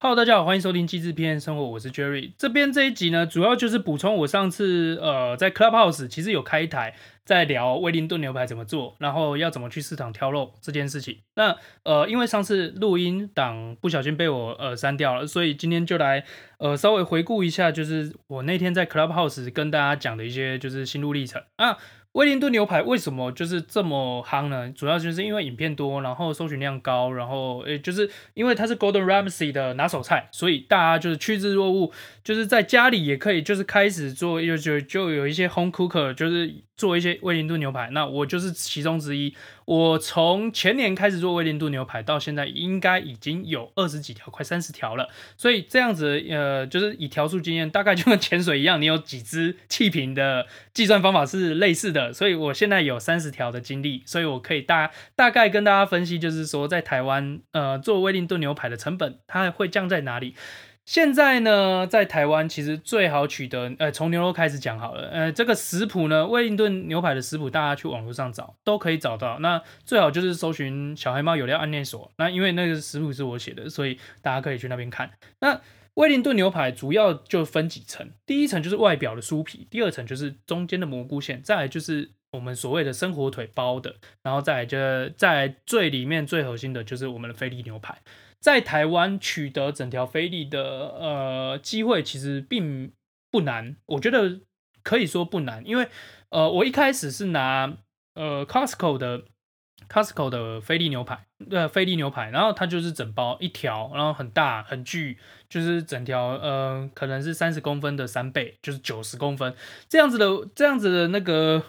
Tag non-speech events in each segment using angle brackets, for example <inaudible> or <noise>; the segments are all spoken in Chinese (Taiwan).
Hello，大家好，歡迎收聽《機制篇生活》，我是 Jerry。這邊這一集呢，主要就是補充我上次呃在 Clubhouse 其實有開台在聊威靈頓牛排怎麼做，然後要怎麼去市場挑肉這件事情。那呃，因為上次錄音檔不小心被我呃刪掉了，所以今天就來呃稍微回顧一下，就是我那天在 Clubhouse 跟大家講的一些就是心路歷程啊。威靈頓牛排為什麼就是這麼夯呢？主要就是因為影片多，然後搜尋量高，然後誒、欸，就是因為它是 Gordon Ramsay 的拿手菜，所以大家就是趨之若鶩，就是在家裡也可以，就是開始做，就就就有一些 Home Cooker，就是。做一些威靈頓牛排，那我就是其中之一。我從前年開始做威靈頓牛排，到現在應該已經有二十幾條，快三十條了。所以這樣子，呃，就是以條數經驗，大概就跟潛水一樣，你有幾只氣瓶的計算方法是類似的。所以我現在有三十條的經歷，所以我可以大大概跟大家分析，就是說在台灣，呃，做威靈頓牛排的成本它會降在哪裡。現在呢，在台灣其實最好取得，呃，從牛肉開始講好了。呃，這個食譜呢，威靈頓牛排的食譜，大家去網絡上找都可以找到。那最好就是搜尋“小黑貓有料案內所”，那因為那個食譜是我寫的，所以大家可以去那邊看。那威靈頓牛排主要就分幾層，第一層就是外表的酥皮，第二層就是中間的蘑菇餡，再來就是我們所謂的生火腿包的，然後再來就再來最裡面最核心的就是我們的菲力牛排。在台灣取得整條菲力的呃機會其實並不難，我覺得可以說不難，因為呃我一開始是拿呃 Costco 的 Costco 的菲力牛排，呃菲力牛排，然後它就是整包一條，然後很大很巨，就是整條、呃、可能是三十公分的三倍，就是九十公分這樣子的這樣子的那個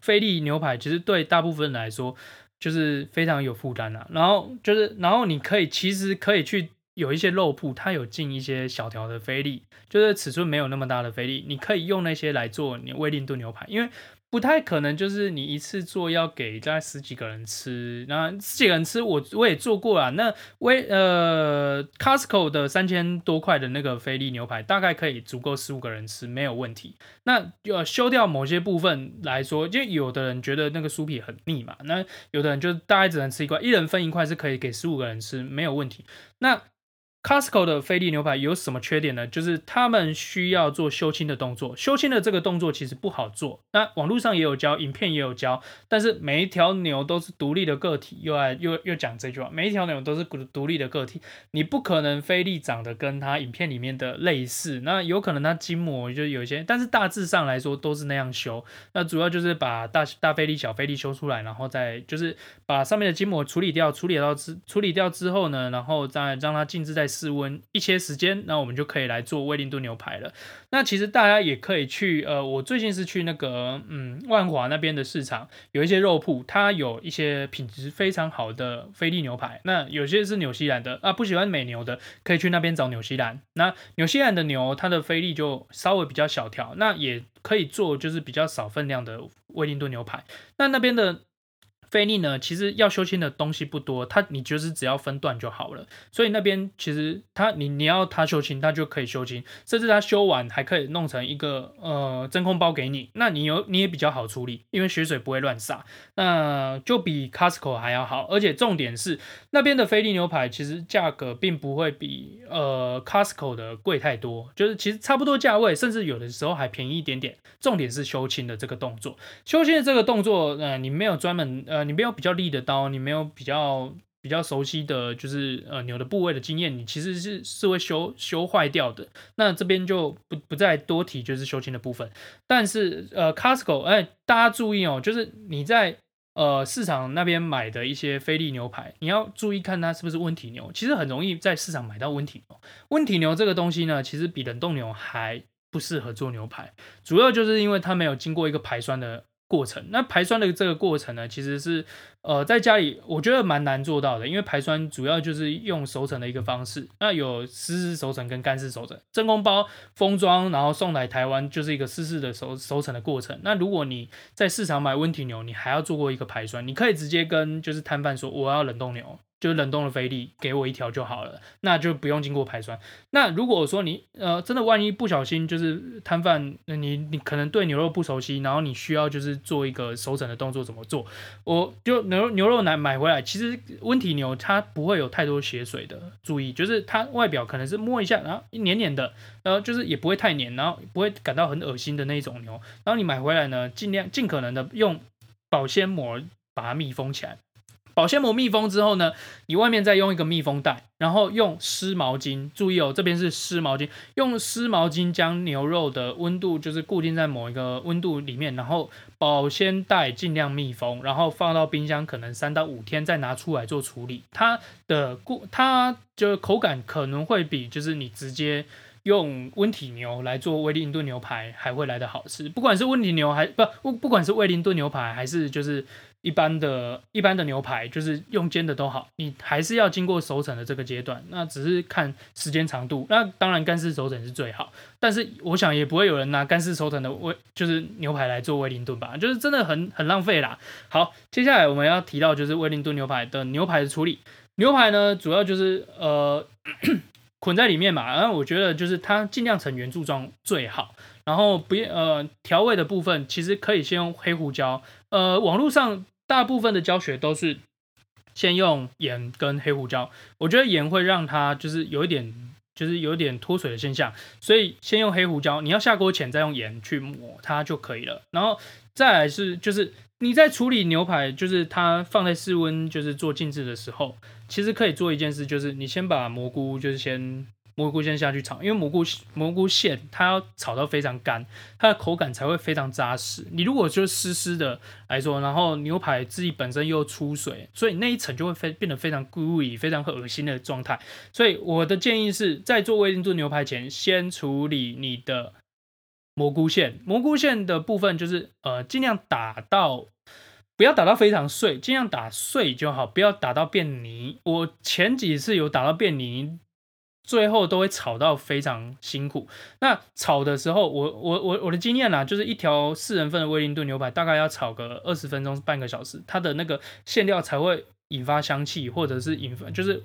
菲力牛排，其實對大部分來說。就是非常有負擔啊，然後就是，然後你可以其實可以去有一些肉鋪它有進一些小條的菲力，就是尺寸沒有那麼大的菲力，你可以用那些來做你威靈頓牛排，因為。不太可能，就是你一次做要給大概十幾個人吃，那十幾個人吃，我我也做過啦。那威呃 Costco 的三千多塊的那個菲力牛排，大概可以足夠十五個人吃，沒有問題。那要修掉某些部分來說，因為有的人覺得那個酥皮很膩嘛，那有的人就大概只能吃一塊，一人分一塊是可以給十五個人吃，沒有問題。那 Costco 的菲力牛排有什麼缺點呢？就是他們需要做修筋的動作，修筋的這個動作其實不好做。那網絡上也有教，影片也有教，但是每一條牛都是獨立的個體，又愛又又講這句話，每一條牛都是獨獨立的個體，你不可能菲力長得跟它影片裡面的類似。那有可能它筋膜就有一些，但是大致上來說都是那樣修。那主要就是把大大菲力、小菲力修出來，然後再就是把上面的筋膜處理掉，處理到之處理掉之後呢，然後再讓它靜置在。室溫一些時間，那我們就可以來做威靈頓牛排了。那其實大家也可以去，呃，我最近是去那個，嗯，萬華那邊的市場，有一些肉鋪，它有一些品質非常好的菲力牛排。那有些是紐西蘭的啊，不喜歡美牛的，可以去那邊找紐西蘭。那紐西蘭的牛，它的菲力就稍微比較小條，那也可以做就是比較少分量的威靈頓牛排。那那邊的。菲力呢，其實要修清的東西不多，它、你就是只要分段就好了。所以那邊其實它你你要它修清，它就可以修清，甚至它修完還可以弄成一個呃真空包給你，那你有你也比較好處理，因為血水不會亂灑。那就比 Costco 還要好。而且重點是那邊的菲力牛排其實價格並不會比呃 Costco 的貴太多，就是其實差不多價位，甚至有的時候還便宜一點點。重點是修清的這個動作，修清的這個動作，呃，你沒有專門呃。你沒有比較利的刀，你沒有比較比較熟悉的就是呃牛的部位的經驗，你其實是是會修修壞掉的。那這邊就不不再多提，就是修筋的部分。但是呃，Costco，哎、欸，大家注意哦、喔，就是你在呃市場那邊買的一些菲力牛排，你要注意看它是不是溫體牛。其實很容易在市場買到溫體牛。溫體牛這個東西呢，其實比冷凍牛還不適合做牛排，主要就是因為它沒有經過一個排酸的。過程，那排酸的這個過程呢，其實是，呃，在家裡我覺得蠻難做到的，因為排酸主要就是用熟成的一個方式。那有濕式熟成跟乾式熟成，真空包封裝，然後送來台灣，就是一個濕式的熟熟成的過程。那如果你在市場買溫體牛，你還要做過一個排酸，你可以直接跟就是攤販說我要冷凍牛。就冷凍的菲力，給我一條就好了，那就不用經過排酸。那如果我說你呃真的萬一不小心就是攤販，你你可能對牛肉不熟悉，然後你需要就是做一個熟成的動作怎麼做？我就牛肉牛肉奶買回來，其實溫體牛它不會有太多血水的，注意就是它外表可能是摸一下，然後一黏黏的，然後就是也不會太黏，然後不會感到很噁心的那一種牛。然後你買回來呢，儘量盡可能的用保鮮膜把它密封起來。保鮮膜密封之後呢，你外面再用一個密封袋，然後用濕毛巾，注意哦，這邊是濕毛巾，用濕毛巾將牛肉的溫度就是固定在某一個溫度裡面，然後保鮮袋儘量密封，然後放到冰箱，可能三到五天再拿出來做處理，它的固它就是口感可能會比就是你直接用溫體牛來做威靈頓牛排還會來得好吃，不管是溫體牛還不不不管是威靈頓牛排還是就是。一般的、一般的牛排就是用煎的都好，你還是要經過熟成的這個階段，那只是看時間長度。那當然乾式熟成是最好，但是我想也不會有人拿乾式熟成的威就是牛排來做威靈頓吧，就是真的很很浪費啦。好，接下來我們要提到就是威靈頓牛排的牛排的處理，牛排呢主要就是呃 <coughs> 捆在裡面嘛，然後我覺得就是它盡量呈圓柱狀最好，然後不呃調味的部分其實可以先用黑胡椒，呃網絡上。大部分的教學都是先用鹽跟黑胡椒，我覺得鹽會讓它就是有一點，就是有一點脫水的現象，所以先用黑胡椒。你要下鍋前再用鹽去抹它就可以了。然後再來是，就是你在處理牛排，就是它放在室溫，就是做靜置的時候，其實可以做一件事，就是你先把蘑菇，就是先。蘑菇先下去炒，因為蘑菇，蘑菇線它要炒到非常乾，它的口感才會非常扎實。你如果就濕濕的來說，然後牛排自己本身又出水，所以那一層就會非變得非常 gooey，非常噁心的狀態。所以我的建議是在做威靈頓牛排前，先處理你的蘑菇線。蘑菇線的部分就是呃，儘量打到不要打到非常碎，儘量打碎就好，不要打到變泥。我前幾次有打到變泥。最後都會炒到非常辛苦。那炒的時候，我我我我的經驗啦、啊，就是一條四人份的威靈頓牛排，大概要炒個二十分鐘，半個小時，它的那個餡料才會引發香氣，或者是引發就是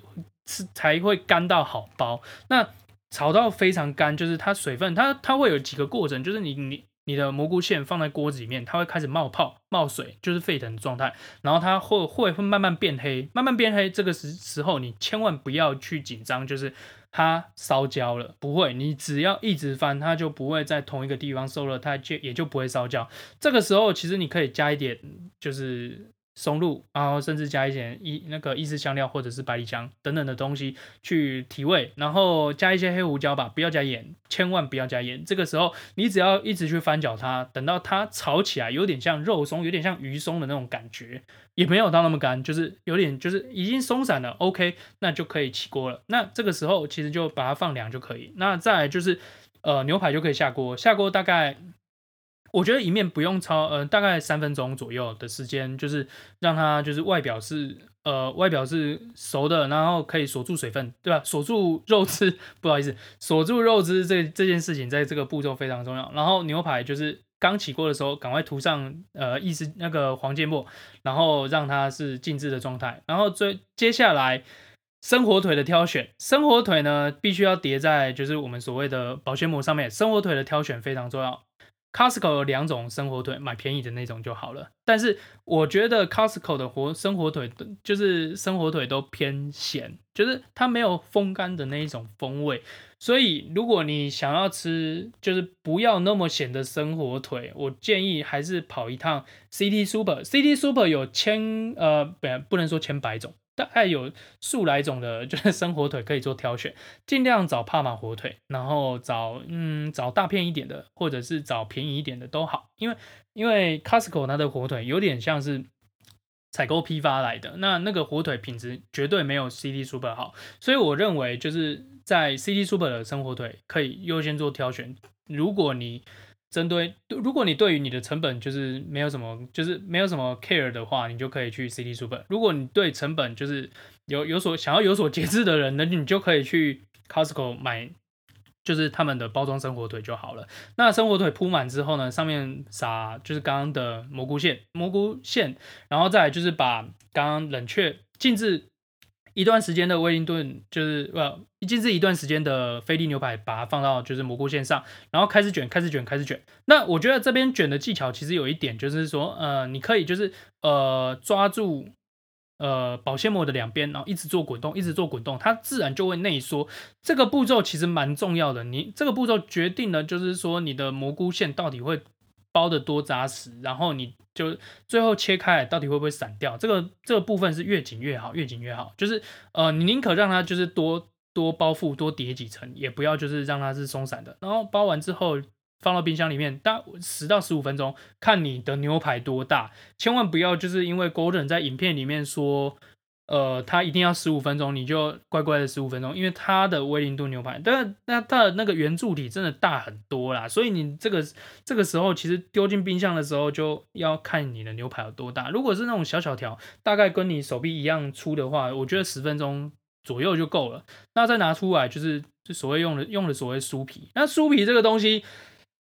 是才會乾到好包。那炒到非常乾，就是它水分，它它會有幾個過程，就是你你。你的蘑菇餡放在鍋子裡面，它會開始冒泡、冒水，就是沸騰的狀態。然後它會會會慢慢變黑，慢慢變黑。這個時時候你千萬不要去緊張，就是它燒焦了不會。你只要一直翻，它就不會在同一個地方受熱，它就也就不會燒焦。這個時候其實你可以加一點，就是。松露，然後甚至加一點一那個意式香料或者是百里香等等的東西去提味，然後加一些黑胡椒吧，不要加鹽，千萬不要加鹽。這個時候你只要一直去翻攪它，等到它炒起來有點像肉鬆，有點像魚鬆的那種感覺，也沒有到那麼乾，就是有點就是已經鬆散了。OK，那就可以起鍋了。那這個時候其實就把它放涼就可以。那再來就是呃牛排就可以下鍋，下鍋大概。我覺得一面不用超呃，大概三分鐘左右的時間，就是讓它就是外表是呃外表是熟的，然後可以鎖住水分，對吧？鎖住肉汁，不好意思，鎖住肉汁這這件事情在這個步驟非常重要。然後牛排就是剛起鍋的時候，趕快塗上呃意式那個黃芥末，然後讓它是靜置的狀態。然後最接下來生火腿的挑選，生火腿呢必須要疊在就是我們所謂的保鮮膜上面。生火腿的挑選非常重要。Costco 有兩種生火腿，買便宜的那種就好了。但是我覺得 Costco 的火生火腿就是生火腿都偏鹹，就是它沒有風乾的那一種風味。所以如果你想要吃，就是不要那麼鹹的生火腿，我建議還是跑一趟 City Super。City Super 有千，呃，不，不能說千百種。大概有數來種的，就是生火腿可以做挑選，盡量找帕瑪火腿，然後找嗯找大片一點的，或者是找便宜一點的都好，因為因為 Costco 它的火腿有點像是採購批發來的，那那個火腿品質絕對沒有 City Super 好，所以我認為就是在 City Super 的生火腿可以優先做挑選，如果你。針對如果你對於你的成本就是沒有什麼，就是沒有什麼 care 的話，你就可以去 City Super。如果你對成本就是有有所想要有所節制的人，那你就可以去 Costco 買，就是他們的包裝生火腿就好了。那生火腿鋪滿之後呢，上面撒就是剛剛的蘑菇餡，蘑菇餡，然後再就是把剛剛冷卻靜置。一段時間的威靈頓就是呃，已經是一段時間的菲力牛排，把它放到就是蘑菇線上，然後開始捲，開始捲，開始捲。那我覺得這邊捲的技巧其實有一點，就是說呃，你可以就是呃抓住呃保鮮膜的兩邊，然後一直做滾動，一直做滾動，它自然就會內縮。這個步驟其實蠻重要的，你這個步驟決定了就是說你的蘑菇線到底會。包的多紮實，然後你就最後切開，到底會不會散掉？這個這個部分是越緊越好，越緊越好。就是呃，你寧可讓它就是多多包覆，多疊幾層，也不要就是讓它是鬆散的。然後包完之後，放到冰箱裡面，大概十到十五分鐘，看你的牛排多大。千萬不要就是因為 Gordon 在影片裡面說。呃，它一定要十五分鐘，你就乖乖的十五分鐘，因為它的威靈頓牛排，但那它的那個圓柱體真的大很多啦，所以你這個這個時候其實丟進冰箱的時候就要看你的牛排有多大。如果是那種小小條，大概跟你手臂一樣粗的話，我覺得十分鐘左右就夠了。那再拿出來就是就所謂用的用的所謂酥皮，那酥皮這個東西。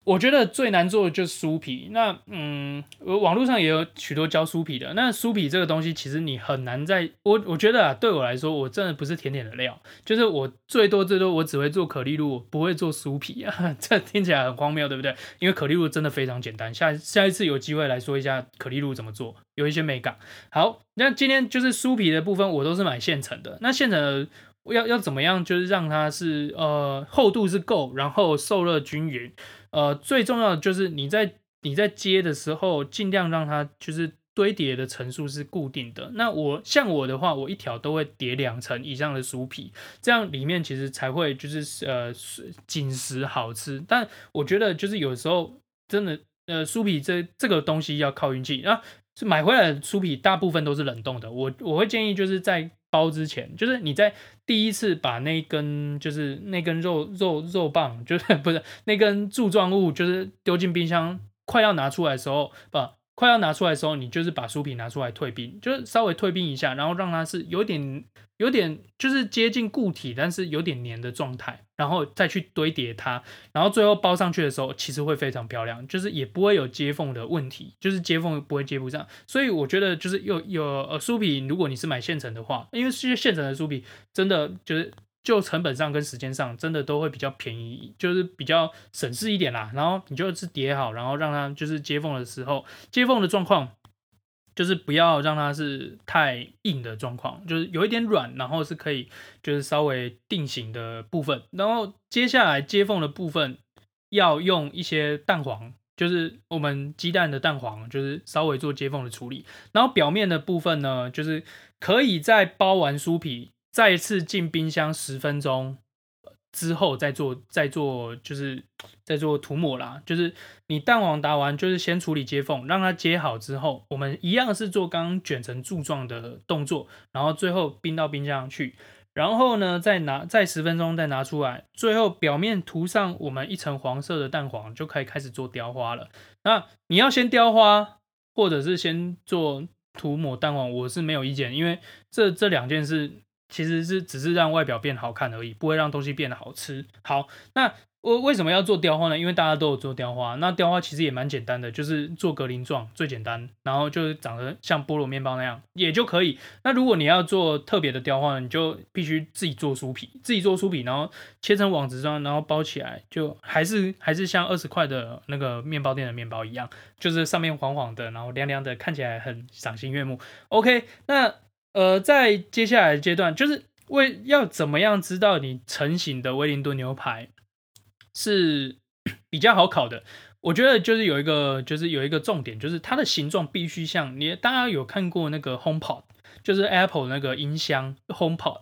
我覺得最難做的就是酥皮，那嗯，我網絡上也有許多教酥皮的。那酥皮這個東西，其實你很難在我，我覺得啊，對我來說，我真的不是甜點的料。就是我最多最多，我只會做可麗露，不會做酥皮啊。這聽起來很荒謬，對不對？因為可麗露真的非常簡單。下下一次有機會來說一下可麗露怎麼做，有一些美感。好，那今天就是酥皮的部分，我都是買現成的。那現成的要要怎麼樣，就是讓它是呃厚度是夠，然後受熱均勻。呃，最重要的就是你在你在接的時候，盡量讓它就是堆疊的層數是固定的。那我像我的話，我一條都會疊兩層以上的酥皮，這樣裡面其實才會就是呃緊實好吃。但我覺得就是有時候真的呃酥皮這這個東西要靠運氣啊，是買回來的酥皮大部分都是冷凍的。我我會建議就是在。包之前，就是你在第一次把那根，就是那根肉肉肉棒，就是不是那根柱狀物，就是丟進冰箱，快要拿出來的時候，把。快要拿出來的時候，你就是把酥皮拿出來退冰，就是稍微退冰一下，然後讓它是有點、有點就是接近固體，但是有點黏的狀態，然後再去堆疊它，然後最後包上去的時候，其實會非常漂亮，就是也不會有接縫的問題，就是接縫不會接不上。所以我覺得就是有有呃酥皮，如果你是買現成的話，因為這些現成的酥皮真的就是。就成本上跟時間上，真的都會比較便宜，就是比較省事一點啦。然後你就是疊好，然後讓它就是接縫的時候，接縫的狀況就是不要讓它是太硬的狀況，就是有一點軟，然後是可以就是稍微定型的部分。然後接下來接縫的部分要用一些蛋黃，就是我們雞蛋的蛋黃，就是稍微做接縫的處理。然後表面的部分呢，就是可以在包完酥皮。再一次進冰箱十分鐘之後再，再做再做，就是再做塗抹啦。就是你蛋黃打完，就是先處理接縫，讓它接好之後，我們一樣是做剛卷成柱狀的動作，然後最後冰到冰箱去。然後呢，再拿再十分鐘，再拿出來，最後表面塗上我們一層黃色的蛋黃，就可以開始做雕花了。那你要先雕花，或者是先做塗抹蛋黃，我是沒有意見，因為這這兩件事。其實是只是讓外表變好看而已，不會讓東西變得好吃。好，那我為什麼要做雕花呢？因為大家都有做雕花，那雕花其實也蠻簡單的，就是做格林狀最簡單，然後就是長得像菠蘿麵包那樣也就可以。那如果你要做特別的雕花呢，你就必須自己做酥皮，自己做酥皮，然後切成網子狀，然後包起來，就還是還是像二十塊的那個麵包店的麵包一樣，就是上面黃黃的，然後涼涼的，看起來很賞心悅目。OK，那。呃，在接下來的階段，就是為要怎麼樣知道你成型的威靈頓牛排是比較好烤的？我覺得就是有一個，就是有一個重點，就是它的形狀必須像你大家有看過那個 HomePod，就是 Apple 那個音箱 HomePod，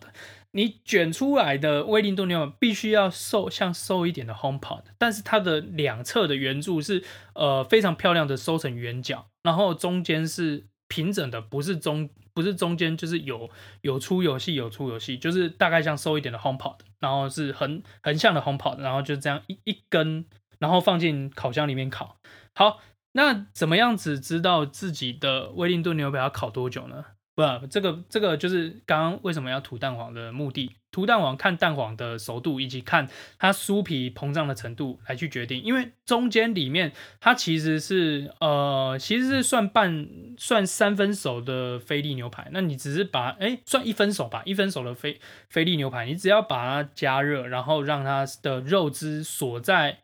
你捲出來的威靈頓牛排必須要瘦，像瘦一點的 HomePod，但是它的兩側的圓柱是呃非常漂亮的收成圓角，然後中間是。平整的不是中不是中間，就是有有粗有細，有粗有細，就是大概像瘦一點的 HomePod 然後是橫橫向的 HomePod 然後就這樣一一根，然後放進烤箱裡面烤。好，那怎麼樣子知道自己的威靈頓牛排要烤多久呢？不、啊，這個這個就是剛剛為什麼要塗蛋黃的目的。塗蛋黃看蛋黃的熟度，以及看它酥皮膨脹的程度來去決定，因為中間裡面它其實是呃其實是算半算三分熟的菲力牛排，那你只是把誒、欸、算一分熟吧，一分熟的菲菲力牛排，你只要把它加熱，然後讓它的肉汁鎖在。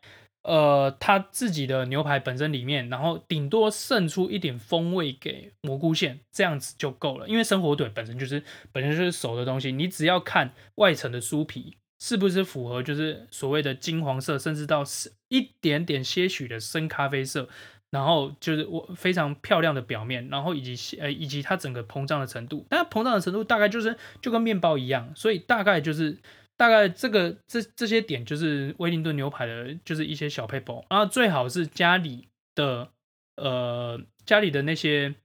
呃，它自己的牛排本身裡面，然後頂多滲出一點風味給蘑菇餡，這樣子就夠了。因為生火腿本身就是本身就是熟的東西，你只要看外層的酥皮是不是符合，就是所謂的金黃色，甚至到是一點點些許的深咖啡色，然後就是我非常漂亮的表面，然後以及呃以及它整個膨脹的程度，它膨脹的程度大概就是就跟麵包一樣，所以大概就是。大概這個這這些點就是威靈頓牛排的，就是一些小撇步，然後最好是家裡的，呃，家裡的那些。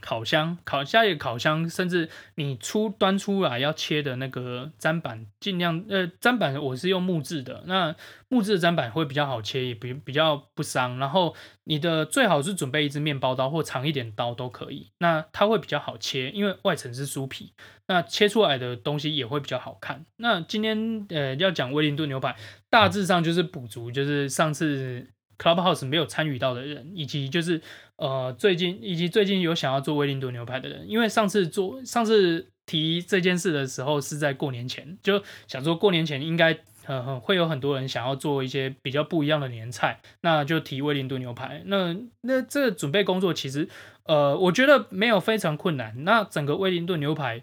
烤箱，烤下一個烤箱，甚至你出端出來要切的那個砧板，盡量呃，砧板我是用木質的，那木質的砧板會比較好切，也比比較不傷。然後你的最好是準備一支麵包刀或長一點刀都可以，那它會比較好切，因為外層是酥皮，那切出來的東西也會比較好看。那今天呃要講威靈頓牛排，大致上就是補足，就是上次。Clubhouse 沒有參與到的人，以及就是呃最近以及最近有想要做威靈頓牛排的人，因為上次做上次提這件事的時候是在過年前，就想說，過年前應該很很、呃、會有很多人想要做一些比較不一樣的年菜，那就提威靈頓牛排。那那這個準備工作其實呃我覺得沒有非常困難。那整個威靈頓牛排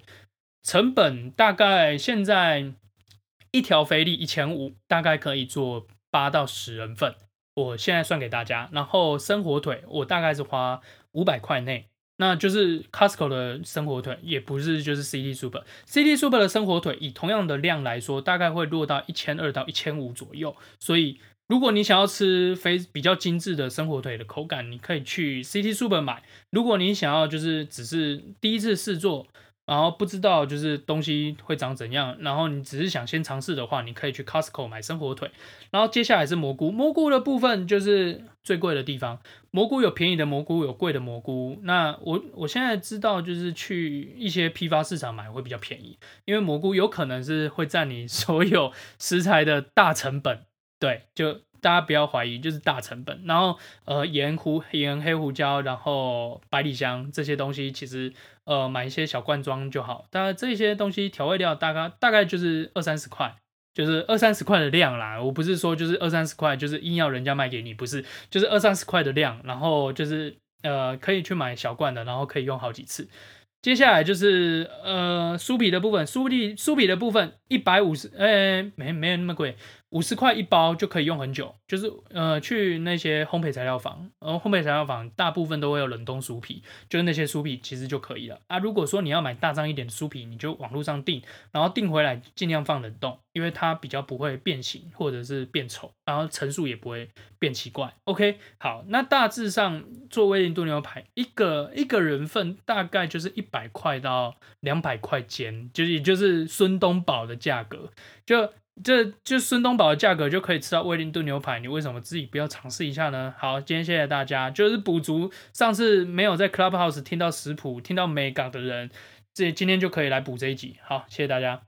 成本大概現在一條菲力一千五，大概可以做八到十人份。我現在算給大家，然後生火腿我大概是花五百塊內，那就是 Costco 的生火腿，也不是，就是 City Super、City Super 的生火腿以同樣的量來說，大概會落到一千二到一千五左右。所以如果你想要吃非比較精緻的生火腿的口感，你可以去 City Super 買。如果你想要就是只是第一次試做，然後不知道就是東西會長怎樣，然後你只是想先嘗試的話，你可以去 Costco 買生火腿。然後接下來是蘑菇，蘑菇的部分就是最貴的地方。蘑菇有便宜的蘑菇，有貴的蘑菇。那我我現在知道，就是去一些批發市場買會比較便宜，因為蘑菇有可能是會佔你所有食材的大成本。對，就。大家不要懷疑，就是大成本。然後，呃，鹽胡鹽黑胡椒，然後百里香這些東西，其實呃買一些小罐裝就好。當然這些東西調味料大概大概就是二三十塊，就是二三十塊的量啦。我不是說就是二三十塊就是硬要人家賣給你，不是，就是二三十塊的量。然後就是呃可以去買小罐的，然後可以用好幾次。接下來就是呃酥皮的部分，酥皮酥皮的部分一百五十，哎、欸，沒沒有那麼貴。五十塊一包就可以用很久，就是呃去那些烘焙材料房，然後烘焙材料房大部分都會有冷凍酥皮，就是那些酥皮其實就可以了啊。如果說你要買大張一點的酥皮，你就網路上訂，然後訂回來儘量放冷凍，因為它比較不會變形或者是變醜，然後層數也不會變奇怪。OK，好，那大致上做威靈頓牛排一個一個人份大概就是一百塊到兩百塊錢，就是也就是孫東寶的價格就。這就孫東寶的價格就可以吃到威靈頓牛排，你為什麼自己不要嘗試一下呢？好，今天謝謝大家，就是補足上次沒有在 Clubhouse 聽到食譜、聽到美港的人，這今天就可以來補這一集。好，謝謝大家。